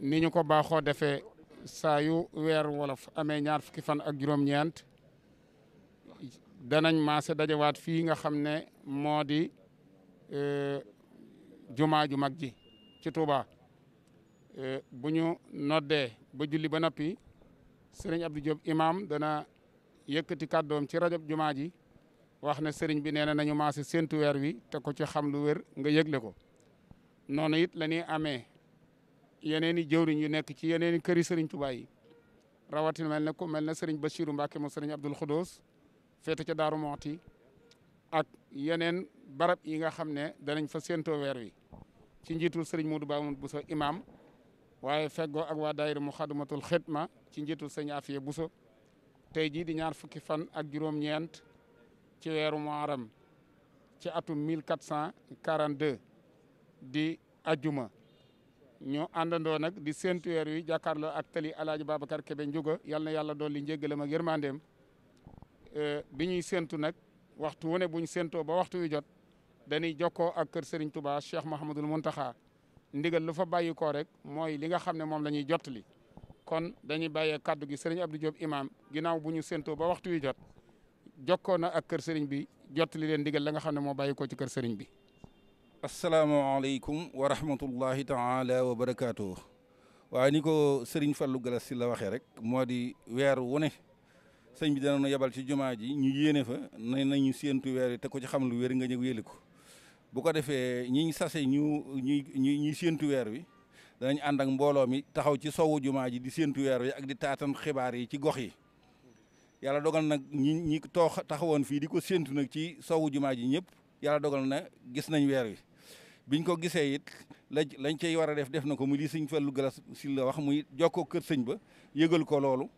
ni ñu ko baaxoo defee saayu yu weer wolof amee ñaar fukki fan ak juróom-ñeent danañ maase dajawaat fii nga xam ne moo di e, jumaa ju mag ji ci Touba e, bu ñu noddee ba julli ba noppi sëriñ Abdou Diop imam dana yëkkati kàddoom ci rajo jumaa ji wax ne sëriñ bi nee na nañu maase séntu weer wi te ko ci xam lu wér nga yëgle ko noonu it amee yeneen i jëwriñ yu nekk ci yeneen i këri Serigne Touba yi rawatina mel ne ku mel ne Serigne Bachirou Mbacke moom Serigne Abdoul Khoudous féete ca Daaru Moxti ak yeneen barab yi nga xam ne danañ fa séentoo weer wi ci njiitu Serigne Modou Ba Bousso imam waaye feggoo ak waa daayira Muxaddamatul Xidma ci njiitul Serigne Afiye Bousso tey jii di ñaar fukki fan ak juróom-ñeent ci weeru Muharram ci atum 1442 di ajuma ñoo àndandoo nag di séntu weer wi jàkkaarloo ak tali alaaji Babacar Kebe Njuga yal na yàlla dolli njéggalam ak yërmandeem euh, bi ñuy séntu nag waxtu wu ne buñ séntoo ba waxtu wi jot dañuy jokkoo ak kër Serigne Touba Cheikh Mahamadul Muntaxa ndigal lu fa bàyyi rek mooy li nga xam ne moom la jottali kon dañuy bàyyee kaddu gi Serigne Abdou Diop imam ginnaaw bu ñu séntoo ba waxtu wi jot jokkoo na ak kër Serigne bi jottali leen digal la nga xam ne moo bàyyi ci kër Serigne bi asalaamaaleykum wa rahmatullahi taala wa barakaatu waaye ni ko Serigne Fallou Galas si la waxee rek moo di weer wu ne sëñ bi dana yebal ci jumaa ji ñu yéene fa ne nañu séentu weer yi te ko ci xam lu wér nga ñëw yéeli ko bu ko defee ñi sase ñu ñuy ñuy ñuy séentu weer wi danañ ànd ak mbooloo mi taxaw ci sowu jumaa ji di séentu weer wi ak di taatan xibaar yi ci gox yi yàlla dogal nag ñi ñi too taxawoon fii di ko séentu nag ci sowu jumaa ji ñëpp yàlla dogal na gis nañ weer wi. biñ ko gisee it lañ cey war a def def na ko mu li sëñ Fallu Galas si la wax muy jokkoo kër sëñ ba yëgal ko loolu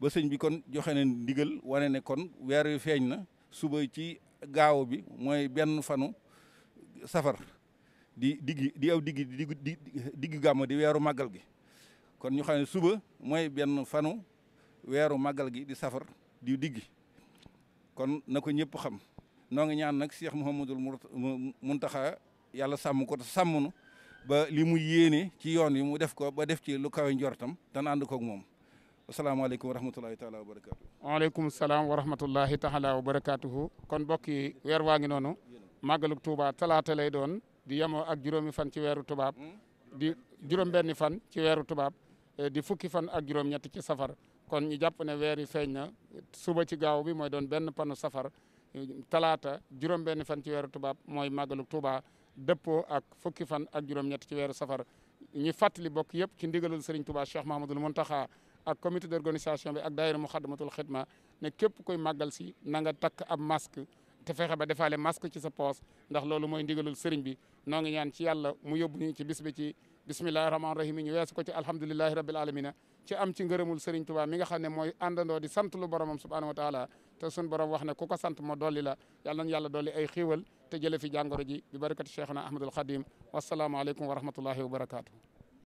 ba sëñ bi kon joxe na ndigal wane ne kon weer feeñ na suba ci gaaw bi mooy benn fanu safar di diggi di aw di weeru màggal gi kon ñu xam ne suba mooy benn fanu weeru màggal gi di safar di diggi kon na ko ñëpp xam noo ngi ñaan nag Cheikh mu Mountakha yàlla sàmm ko te sàmm ba li mu yéene ci yoon yi mu def ko ba def ci lu njortam te ànd koog moom asalaamaaleykum wa rahmatulahi taala wa barakaatu. waaleykum salaam wa rahmatulahi taala wa barakaatuhu. kon mbokk yi weer waa ngi noonu. màggalug Tuuba talaata lay doon di yemoo ak juróomi fan ci weeru tubaab. Hmm? di juróom fan ci weeru tubaab. Eh, di fukki fan ak juróom-ñett ci safar kon ñu jàpp ne weer yi feeñ na suba ci gaaw bi mooy doon benn panu safar eh, talaata juróom benni fan ci weeru tubaab mooy màggalug Tuuba. dëppoo ak fukki fan ak juróom-ñett ci weeru safar ñu fàttali bokk yëpp ci ndigalul Serigne Touba Cheikh Mahamadul Montaxa ak comité d'organisation bi ak daayira Muxaddamatul Xidma ne képp koy màggal si na takk ab masque te fexe ba defaale masque ci sa pos ndax loolu mooy ndigalul Serigne bi noo ngi ñaan ci yàlla mu yóbbu ñu ci bis ci bismillahi rahmaani rahim ñu weesu ko ci alhamdulilahi rabil alamina ci am ci ngërëmul Serigne Touba mi nga xam ne mooy àndandoo di sant lu boromam subhanahu wa taala te sun wax ne ku ko sant moo dolli la yàlla yàlla dolli ay xiiwal te jële fi jàngoro ji bi barakati Cheikhna Ahmadul Xadim wasalaamualeykum wa rahmatullahi wa barakaatu.